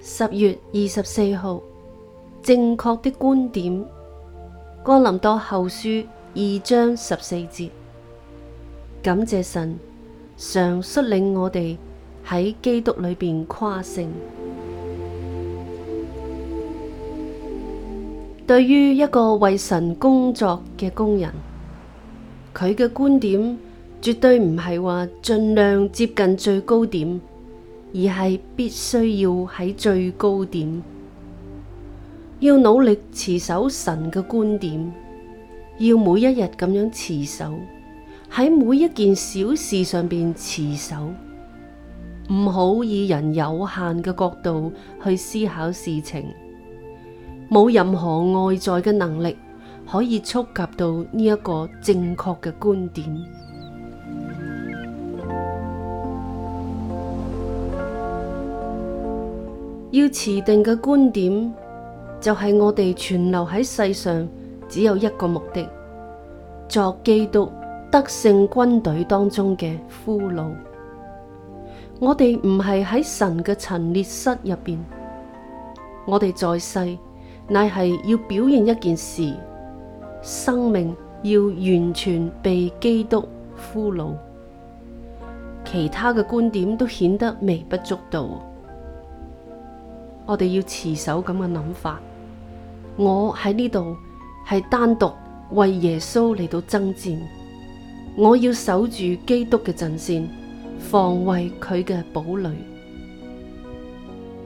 十月二十四號，正確的觀點。哥林多後書二章十四節，感謝神常率領我哋喺基督裏邊誇勝。對於一個為神工作嘅工人，佢嘅觀點絕對唔係話盡量接近最高點。而係必須要喺最高點，要努力持守神嘅觀點，要每一日咁樣持守，喺每一件小事上邊持守，唔好以人有限嘅角度去思考事情，冇任何外在嘅能力可以觸及到呢一個正確嘅觀點。要持定嘅觀點就係、是、我哋存留喺世上只有一個目的，作基督得勝軍隊當中嘅俘虜。我哋唔係喺神嘅陳列室入面。我哋在世乃係要表現一件事，生命要完全被基督俘虜，其他嘅觀點都顯得微不足道。我哋要持守咁嘅諗法，我喺呢度係單獨為耶穌嚟到爭戰，我要守住基督嘅陣線，防衛佢嘅堡壘，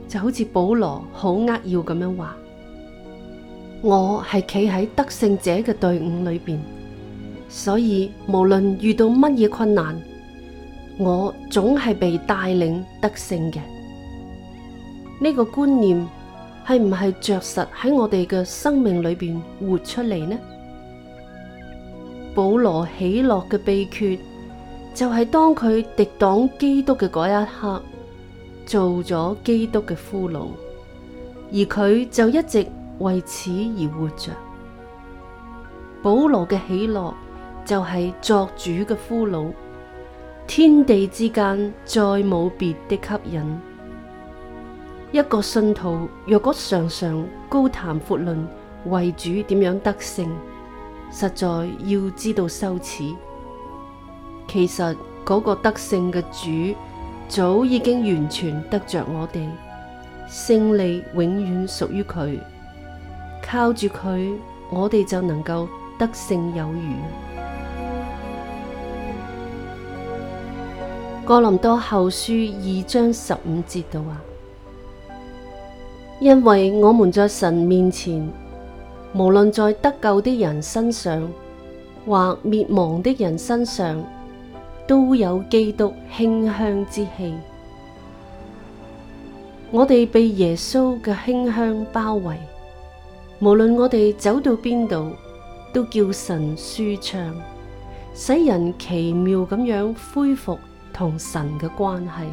就好似保羅好扼要咁樣話：我係企喺得勝者嘅隊伍裏邊，所以無論遇到乜嘢困難，我總係被帶領得勝嘅。呢個觀念係唔係着實喺我哋嘅生命裏邊活出嚟呢？保羅喜樂嘅秘訣就係、是，當佢敵擋基督嘅嗰一刻，做咗基督嘅俘虜，而佢就一直為此而活着。保羅嘅喜樂就係作主嘅俘虜，天地之間再冇別的吸引。一個信徒若果常常高談闊論為主點樣得勝，實在要知道羞恥。其實嗰、那個得勝嘅主早已經完全得着我哋，勝利永遠屬於佢。靠住佢，我哋就能夠得勝有餘。哥林多後書二章十五節到啊！因為我們在神面前，無論在得救的人身上或滅亡的人身上，都有基督馨香之氣。我哋被耶穌嘅馨香包圍，無論我哋走到邊度，都叫神舒暢，使人奇妙咁樣恢復同神嘅關係。